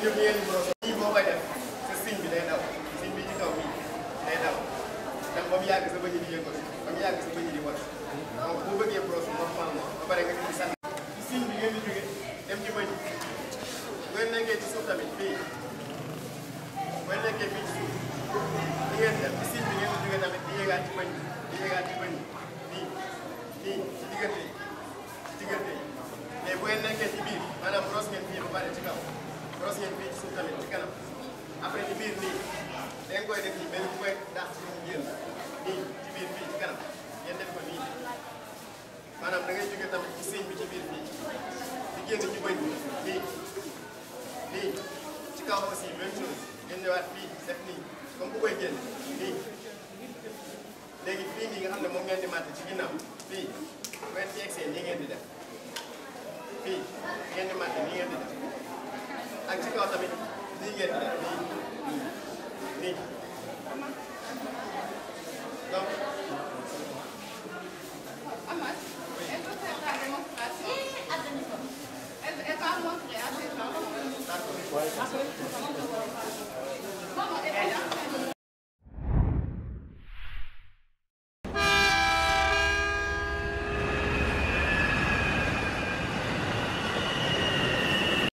ñun yéen ñii boo koy def bi day daw bi ci kaw bi day daw ndax ba mu yàgg sa bëñ di yëngatu ba mu yàgg sa bëñ di wat donc boo bëggee brosse normalement ba pare nga ci sànni ci siñ bi ngeen di jóge dem ci bëñ ngeen nekkee ci suuf tamit fii ngeen nekkee fii ci suuf di ngeen def ci siñ bi ngeen di jóge tamit di yëgaat ci bëñ di yëgaat ci bëñ nii nii ci diggante yi diggante yi mais bu ngeen nekkee ci biir maanaam brosse ngeen fii ba pare ci kaw roos ngeen fii ci suuf tamit ci kanam après ci biir nii da ngeen koy def nii benn bu koy dàq ci génn nii ci biir fii ci kanam ngeen def ko nii maanaam da ngay jóge tamit ci sëñ bi ci biir fii di génn ci bëñ nii nii ci kaw aussi même chose ngeen ñëwaat fii def nii comme bu koy génn nii léegi fii nii nga xam ne moom ngeen di màtt ci ginnaaw fii bu ngeen ci egsee nii ngeen di def fii ngeen di màtt kaw tamit nii ngeen di def nii nii donc. Amath. oui est-ce que c'est la démonstration. est-ce qu'on a montré à ces gens. d'accord.